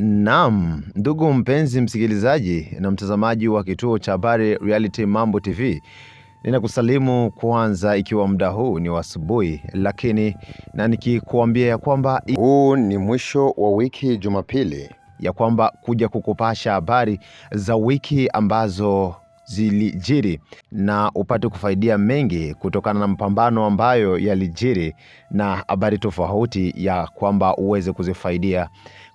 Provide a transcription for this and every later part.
Naam, ndugu mpenzi msikilizaji na mtazamaji wa kituo cha habari Reality Mambo TV, ninakusalimu kwanza, ikiwa muda huu ni wa asubuhi, lakini na nikikuambia ya kwamba huu ni mwisho wa wiki Jumapili, ya kwamba kuja kukupasha habari za wiki ambazo zilijiri na upate kufaidia mengi kutokana na mpambano ambayo yalijiri na habari tofauti ya kwamba uweze kuzifaidia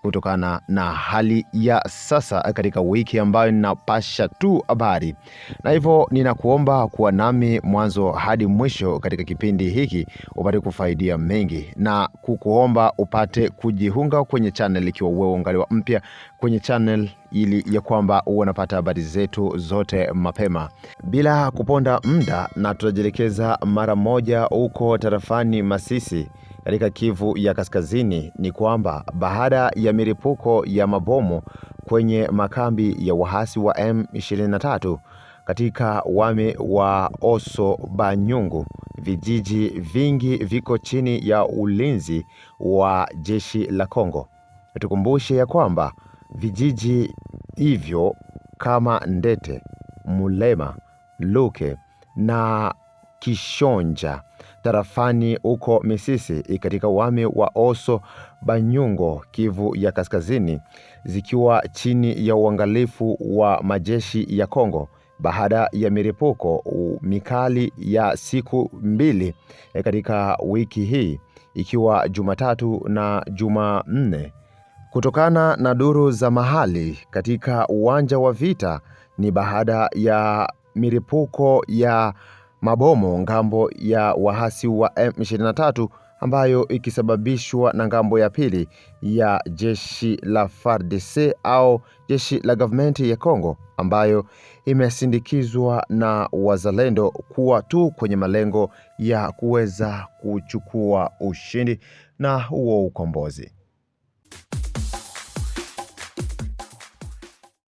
kutokana na hali ya sasa katika wiki ambayo ninapasha tu habari, na hivyo ninakuomba kuwa nami mwanzo hadi mwisho katika kipindi hiki upate kufaidia mengi, na kukuomba upate kujiunga kwenye channel ikiwa wewe ungaliwa mpya kwenye channel ili ya kwamba uwe unapata habari zetu zote mapema bila kuponda muda, na tutajielekeza mara moja huko tarafani Masisi katika Kivu ya Kaskazini ni kwamba baada ya milipuko ya mabomu kwenye makambi ya waasi wa M23 katika wame wa Oso Banyungu, vijiji vingi viko chini ya ulinzi wa jeshi la Kongo. Tukumbushe ya kwamba vijiji hivyo kama Ndete, Mulema, Luke na Kishonja tarafani huko Misisi katika uami wa Oso Banyungo, Kivu ya Kaskazini, zikiwa chini ya uangalifu wa majeshi ya Kongo baada ya milipuko mikali ya siku mbili e, katika wiki hii ikiwa Jumatatu na Jumanne. Kutokana na duru za mahali katika uwanja wa vita, ni baada ya milipuko ya mabomo ngambo ya waasi wa M23 ambayo ikisababishwa na ngambo ya pili ya jeshi la FARDC au jeshi la government ya Kongo ambayo imesindikizwa na wazalendo kuwa tu kwenye malengo ya kuweza kuchukua ushindi na huo ukombozi.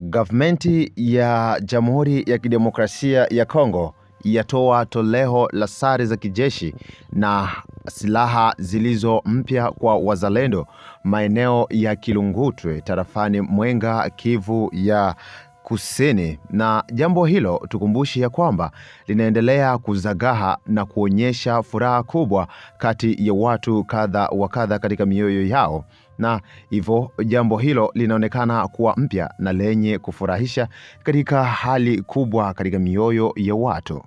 gavmenti ya Jamhuri ya Kidemokrasia ya Kongo yatoa toleo la sare za kijeshi na silaha zilizo mpya kwa wazalendo maeneo ya Kilungutwe tarafani Mwenga, Kivu ya Kusini. Na jambo hilo tukumbushi ya kwamba linaendelea kuzagaha na kuonyesha furaha kubwa kati ya watu kadha wa kadha katika mioyo yao na hivyo jambo hilo linaonekana kuwa mpya na lenye kufurahisha katika hali kubwa katika mioyo ya watu.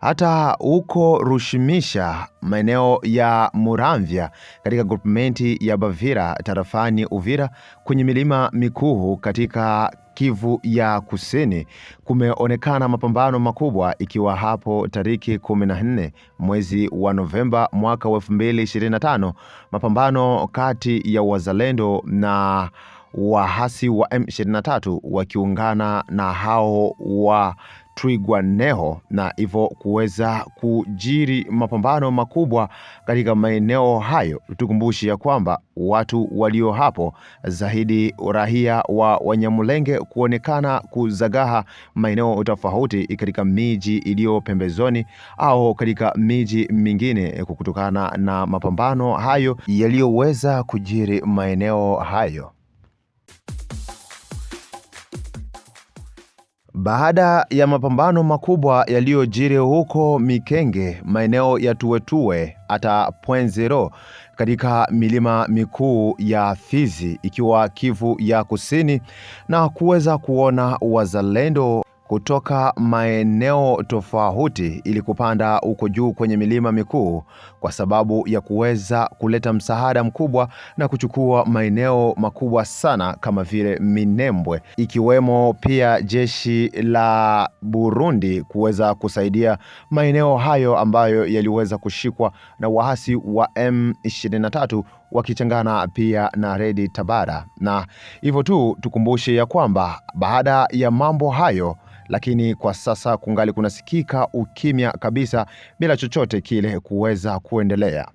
Hata huko Rushimisha, maeneo ya Muramvya katika grupmenti ya Bavira tarafani Uvira, kwenye milima Mikuhu katika Kivu ya Kusini kumeonekana mapambano makubwa, ikiwa hapo tariki 14 mwezi wa Novemba mwaka wa 2025 mapambano kati ya wazalendo na waasi wa M23 wakiungana na hao wa Twigwaneho na hivyo kuweza kujiri mapambano makubwa katika maeneo hayo. tukumbushi ya kwamba watu walio hapo zaidi urahia wa Wanyamulenge kuonekana kuzagaha maeneo tofauti katika miji iliyo pembezoni au katika miji mingine kutokana na mapambano hayo yaliyoweza kujiri maeneo hayo. Baada ya mapambano makubwa yaliyojiri huko Mikenge, maeneo ya Tuwetuwe hata Zero katika milima mikuu ya Fizi ikiwa Kivu ya Kusini na kuweza kuona wazalendo kutoka maeneo tofauti ili kupanda huko juu kwenye milima mikuu kwa sababu ya kuweza kuleta msaada mkubwa na kuchukua maeneo makubwa sana kama vile Minembwe, ikiwemo pia jeshi la Burundi kuweza kusaidia maeneo hayo ambayo yaliweza kushikwa na waasi wa M23 wakichangana pia na Redi Tabara. Na hivyo tu tukumbushe ya kwamba baada ya mambo hayo lakini kwa sasa kungali kunasikika ukimya kabisa bila chochote kile kuweza kuendelea.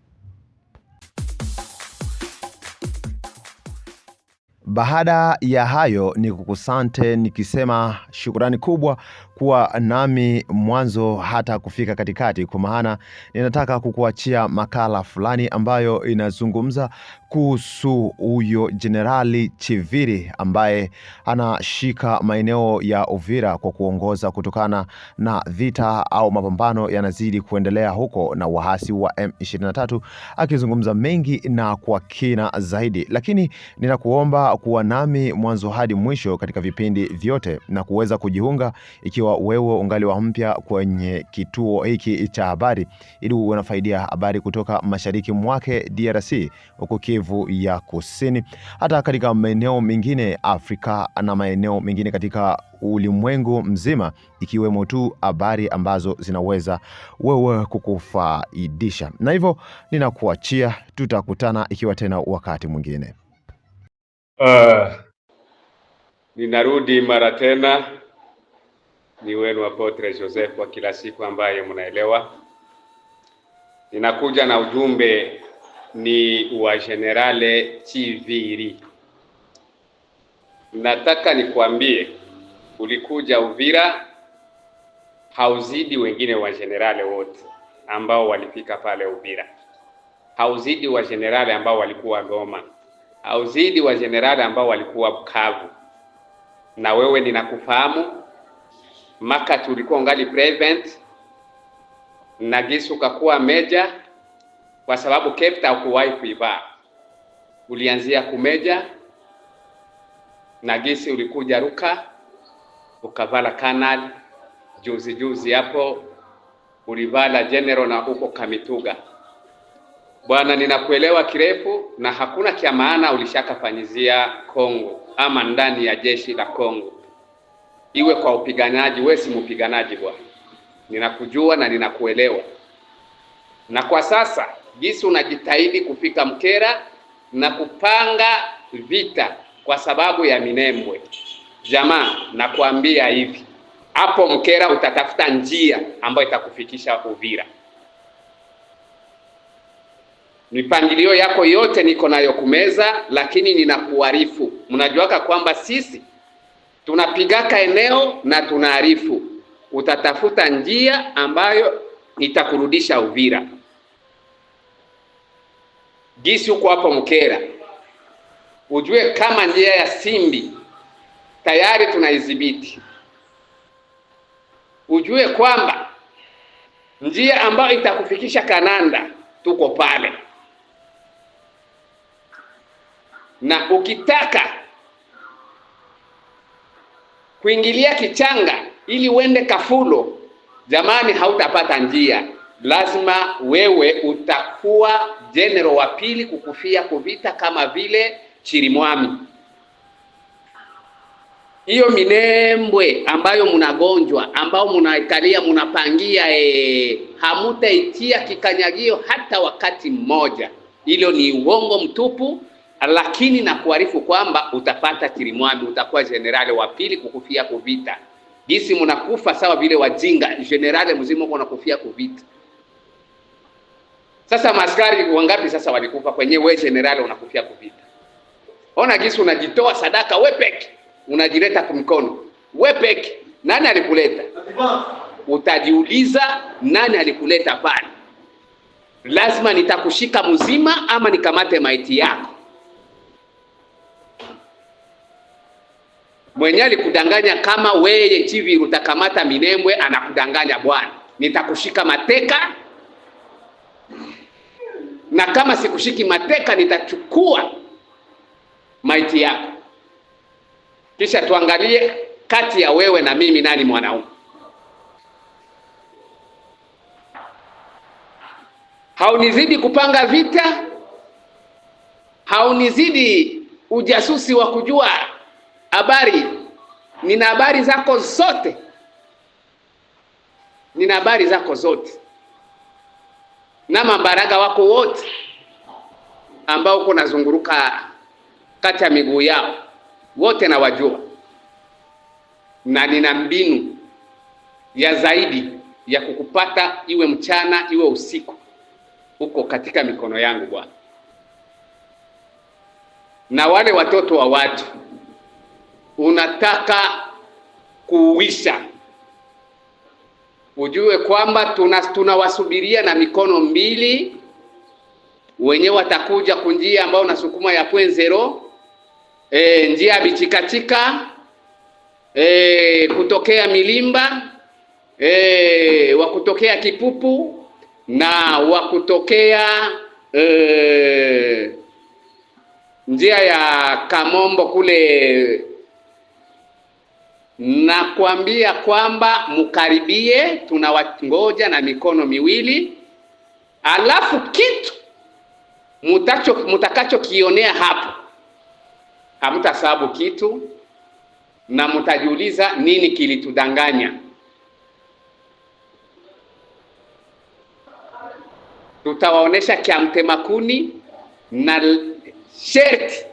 Baada ya hayo ni kukusante nikisema shukrani kubwa kuwa nami mwanzo hata kufika katikati, kwa maana ninataka kukuachia makala fulani ambayo inazungumza kuhusu huyo Jenerali Chiviri ambaye anashika maeneo ya Uvira kwa kuongoza kutokana na vita au mapambano yanazidi kuendelea huko na waasi wa M23, akizungumza mengi na kwa kina zaidi, lakini ninakuomba kuwa nami mwanzo hadi mwisho katika vipindi vyote na kuweza kujiunga ikiwa ikiwa wewe ungali wa mpya kwenye kituo hiki cha habari, ili unafaidia habari kutoka mashariki mwake DRC, huko Kivu ya Kusini, hata katika maeneo mengine Afrika na maeneo mengine katika ulimwengu mzima, ikiwemo tu habari ambazo zinaweza wewe kukufaidisha. Na hivyo ninakuachia, tutakutana ikiwa tena wakati mwingine. Uh, ninarudi mara tena ni wenu Apotre Joseph wa kila siku ambaye mnaelewa. Ninakuja na ujumbe ni wa Generale Chiviri. Nataka nikwambie, ulikuja Uvira hauzidi wengine wa generale wote ambao walifika pale Uvira, hauzidi wa generale ambao walikuwa Goma, hauzidi wa generale ambao walikuwa Bukavu, na wewe ninakufahamu Maka tulikuwa ungali prevent na Gisu ukakuwa meja, kwa sababu kepta hukuwahi kuivaa, ulianzia kumeja na Gisi ulikuja ruka ukavala kanal juzi juzi hapo ulivala general na uko Kamituga. Bwana, ninakuelewa kirefu na hakuna kia maana ulishakafanyizia Kongo ama ndani ya jeshi la Kongo iwe kwa upiganaji. Wewe si mpiganaji bwana, ninakujua na ninakuelewa. Na kwa sasa jinsi unajitahidi kufika Mkera na kupanga vita kwa sababu ya Minembwe, jamaa, nakwambia hivi, hapo Mkera utatafuta njia ambayo itakufikisha Uvira. Mipangilio yako yote niko nayo kumeza, lakini ninakuarifu, mnajuaka kwamba sisi tunapigaka eneo na tunaarifu, utatafuta njia ambayo itakurudisha Uvira. Gisi huko hapo Mkera, ujue kama njia ya Simbi tayari tunaidhibiti. Ujue kwamba njia ambayo itakufikisha Kananda tuko pale, na ukitaka kuingilia kichanga ili uende Kafulo, jamani, hautapata njia. Lazima wewe utakuwa general wa pili kukufia kuvita kama vile Chirimwami. Hiyo minembwe ambayo mnagonjwa, ambao mnaikalia, mnapangia e, ee, hamutaitia kikanyagio hata wakati mmoja. Hilo ni uongo mtupu lakini na kuarifu kwamba utapata kirimwami, utakuwa jenerali wa pili kukufia kuvita. Jinsi mnakufa sawa vile wajinga, jenerali mzima unakufia kuvita. Sasa maskari wangapi sasa walikufa kwenye we jenerali unakufia kuvita? Ona jinsi unajitoa sadaka wewe peke, unajileta kumkono mkono. Wewe peke, nani alikuleta? Utajiuliza nani alikuleta pale. Lazima nitakushika mzima ama nikamate maiti yako. mwenye alikudanganya kama weye chivi utakamata minembwe, anakudanganya bwana, nitakushika mateka na kama sikushiki mateka nitachukua maiti yako. Kisha tuangalie kati ya wewe na mimi nani mwanaume? Haunizidi kupanga vita, haunizidi ujasusi wa kujua habari, nina habari zako zote, nina habari zako zote na mabaraga wako wote ambao uko nazunguruka kati ya miguu yao wote nawajua, na nina mbinu ya zaidi ya kukupata, iwe mchana iwe usiku, uko katika mikono yangu Bwana. Na wale watoto wa watu unataka kuuisha, ujue kwamba tunawasubiria tuna na mikono mbili. Wenyewe watakuja kunjia ambao nasukuma ya point zero e, njia ya bichikachika e, kutokea milimba e, wa kutokea kipupu na wa kutokea e, njia ya Kamombo kule nakwambia kwamba mkaribie, tunawangoja na mikono miwili. Alafu kitu mutacho mutakachokionea hapo hamtasabu kitu, na mtajiuliza nini kilitudanganya. Tutawaonesha kiamtemakuni na sherti,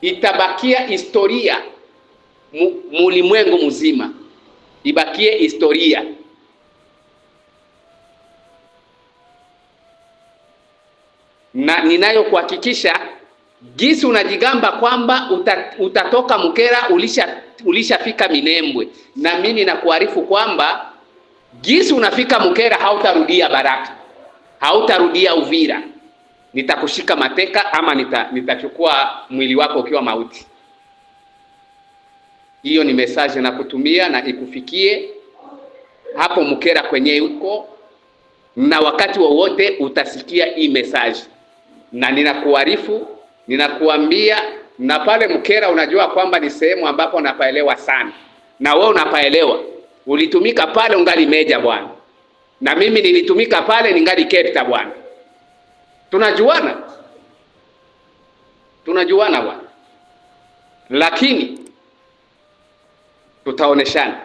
itabakia historia mulimwengu mzima, ibakie historia. Na ninayokuhakikisha jinsi unajigamba kwamba utatoka Mkera ulisha ulishafika Minembwe, na mimi nakuarifu kwamba jinsi unafika Mkera hautarudia Baraka, hautarudia Uvira. Nitakushika mateka ama nita, nitachukua mwili wako ukiwa mauti hiyo ni message na kutumia na ikufikie hapo Mkera kwenye huko, na wakati wowote wa utasikia hii message, na ninakuarifu ninakuambia. Na pale Mkera unajua kwamba ni sehemu ambapo napaelewa sana, na wewe unapaelewa, ulitumika pale ungali meja bwana, na mimi nilitumika pale ningali kepta bwana, tunajuana tunajuana bwana, lakini tutaoneshana.